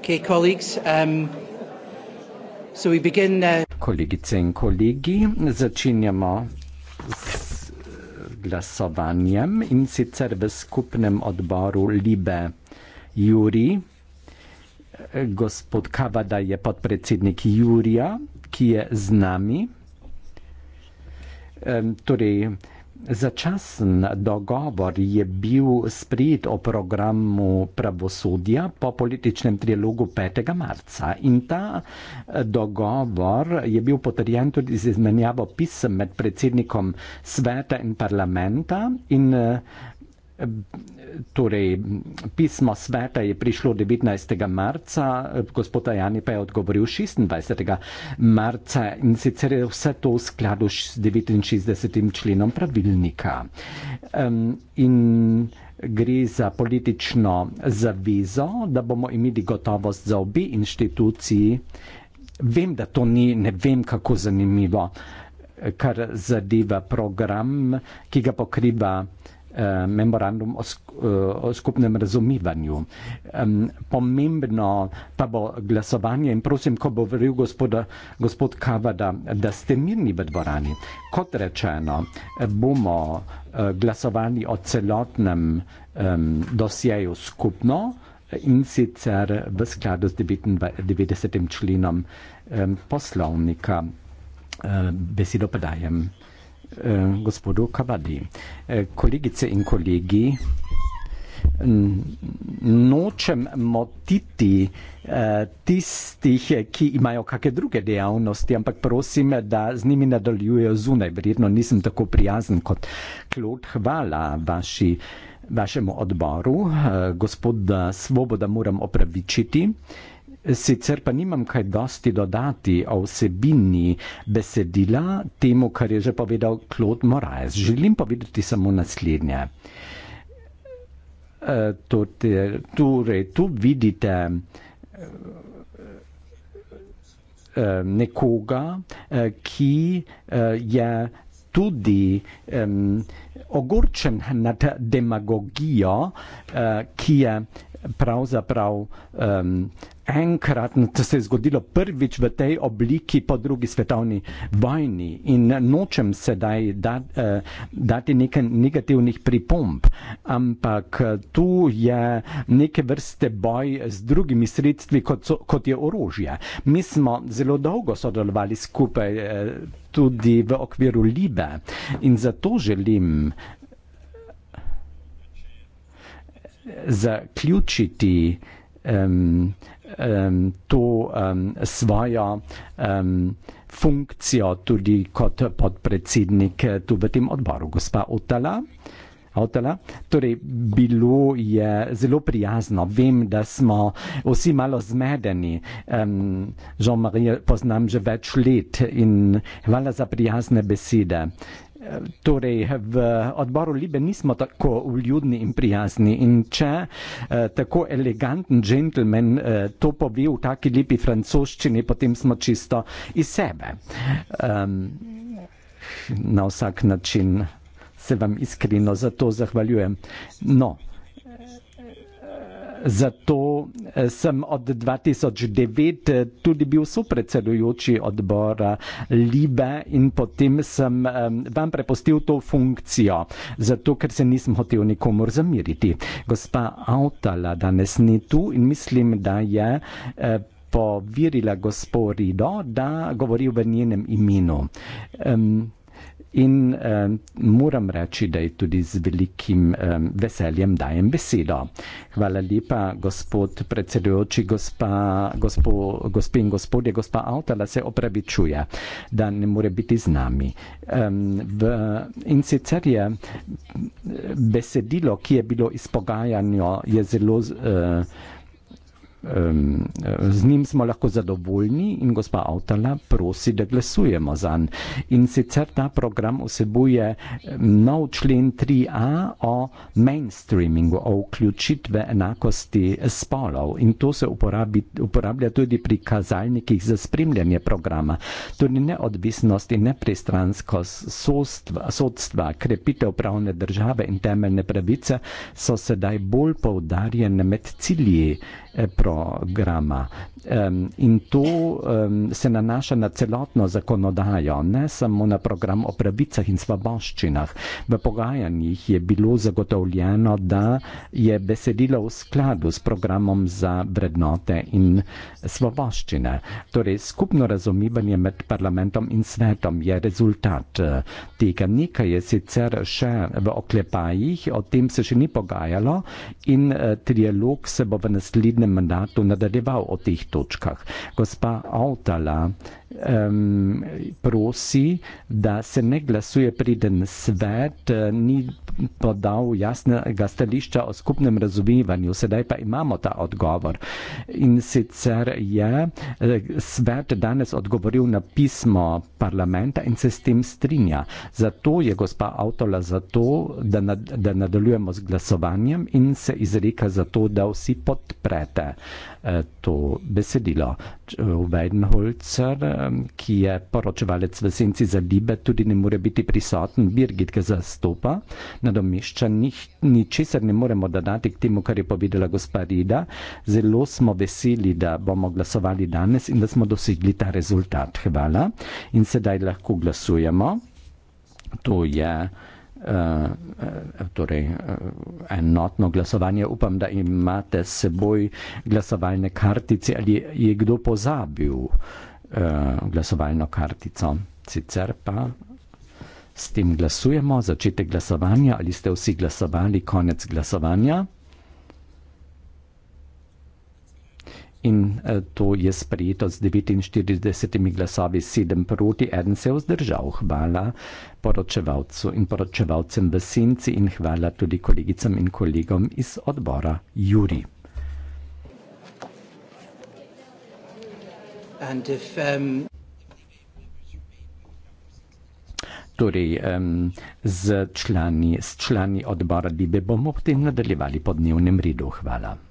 Okay, colleagues, um, so we begin, uh... Kolegice in kolegi, začenjamo s glasovanjem in sicer v skupnem odboru Libe Juri. Gospod Kavada je podpredsednik Jurija, ki je z nami. Um, torej, Začasen dogovor je bil sprejet o programu pravosodja po političnem trilogu 5. marca in ta eh, dogovor je bil potrjen tudi z izmenjavo pisem med predsednikom sveta in parlamenta in eh, Torej, pismo sveta je prišlo 19. marca, gospod Jani pa je odgovoril 26. marca in sicer je vse to v skladu s 69. členom pravilnika. In gre za politično zavizo, da bomo imeli gotovost za obi inštituciji. Vem, da to ni, ne vem, kako zanimivo, kar zadeva program, ki ga pokriva. Eh, memorandum o, sk eh, o skupnem razumivanju. Um, pomembno pa bo glasovanje in prosim, ko bo vril gospoda, gospod Kavada, da ste mirni v dvorani. Kot rečeno, bomo uh, glasovali o celotnem um, dosjeju skupno in sicer v skladu s 99. členom um, poslovnika um, besedo podajem. Eh, gospodu Kabadi. Eh, kolegice in kolegi, nočem motiti eh, tistih, ki imajo kakšne druge dejavnosti, ampak prosim, da z njimi nadaljujejo zunaj. Verjetno nisem tako prijazen kot Klod. Hvala vaši, vašemu odboru. Gospod Svoboda moram opravičiti. Sicer pa nimam kaj dosti dodati o vsebini besedila temu, kar je že povedal Klod Moraes. Želim povedati samo naslednje. E, Tote, torej, tu vidite e, nekoga, e, ki je tudi um, ogorčen nad demagogijo, uh, ki je pravzaprav um, enkrat, no, to se je zgodilo prvič v tej obliki po drugi svetovni vojni in nočem sedaj da, eh, dati nekaj negativnih pripomb, ampak eh, tu je neke vrste boj z drugimi sredstvi, kot, so, kot je orožje. Mi smo zelo dolgo sodelovali skupaj eh, tudi v okviru Libe in zato želim. Eh, zaključiti um, um, to um, svojo um, funkcijo tudi kot podpredsednik eh, tu v tem odboru, gospa Otala. Otala. Torej, bilo je zelo prijazno. Vem, da smo vsi malo zmedeni. Um, Jean-Marie poznam že več let in hvala za prijazne besede. Torej, v odboru Libe nismo tako vljudni in prijazni in če eh, tako eleganten džentlmen eh, to pove v taki lepi francoščini, potem smo čisto iz sebe. Um, na vsak način se vam iskreno za to zahvaljujem. No. Zato eh, sem od 2009 eh, tudi bil sopredsedujoči odbora Libe in potem sem vam prepustil to funkcijo, zato ker se nisem hotel nikomor zamiriti. Gospa Avtala danes ni tu in mislim, da je eh, povirila gospo Rido, da govori v njenem imenu in um, moram reči, da ji tudi z velikim um, veseljem dajem besedo. Hvala lepa, gospod predsedujoči, gospa, gospo, gospe in gospodje, gospa Avtala se opravičuje, da ne more biti z nami. Um, v, in sicer je eh, besedilo, ki je bilo izpogajanjo, je zelo. Uh, um, z njim smo lahko zadovoljni in gospa Avtala prosi, da glasujemo za njim. In sicer ta program vsebuje nov člen 3a o mainstreamingu, o vključitve enakosti spolov in to se uporabi, uporablja tudi pri kazalnikih za spremljanje programa. Tudi neodvisnost in nepristranskost sodstva, sodstva, krepitev pravne države in temeljne pravice so sedaj bolj poudarjene med cilji. Eh, programa. Um, in to um, se nanaša na celotno zakonodajo, ne samo na program o pravicah in svoboščinah. V pogajanjih je bilo zagotovljeno, da je besedilo v skladu s programom za vrednote in svoboščine. Torej, skupno razumivanje med parlamentom in svetom je rezultat eh, tega. Nekaj je sicer še v oklepajih, o tem se še ni pogajalo in uh, trialog se bo v naslednjem mandatu citatu nadaljeval o teh točkah. Gospa Altala um, prosi, da se ne glasuje priden svet, eh, ni podal jasnega stališča o skupnem razumevanju, sedaj pa imamo ta odgovor. In sicer je eh, svet danes odgovoril na pismo parlamenta in se s tem strinja. Zato je gospa Altala zato, da, nad, da nadaljujemo z glasovanjem in se izreka zato, da vsi podprete. Eh, to besedilo. Weidenholzer, eh, ki je poročevalec v senci za libe, tudi ne more biti prisoten, Birgit ga zastopa, nadomešča, ničesar ni ne moremo dodati k temu, kar je povedala gospa Rida. Zelo smo veseli, da bomo glasovali danes in da smo dosegli ta rezultat. Hvala. In sedaj lahko glasujemo. To je. Eh, eh, torej eh, enotno glasovanje. Upam, da imate s seboj glasovalne kartice ali je kdo pozabil glasovalno kartico. Sicer pa s tem glasujemo, začetek glasovanja, ali ste vsi glasovali, konec glasovanja. in eh, to je sprejeto z 49 glasovi 7 proti 1 se vzdržal. Hvala poročevalcu in poročevalcem v senci in hvala tudi kolegicam in kolegom iz odbora Juri. And if, um... Torej, um, z člani, s člani odbora Libe bomo potem nadaljevali po dnevnem redu. Hvala.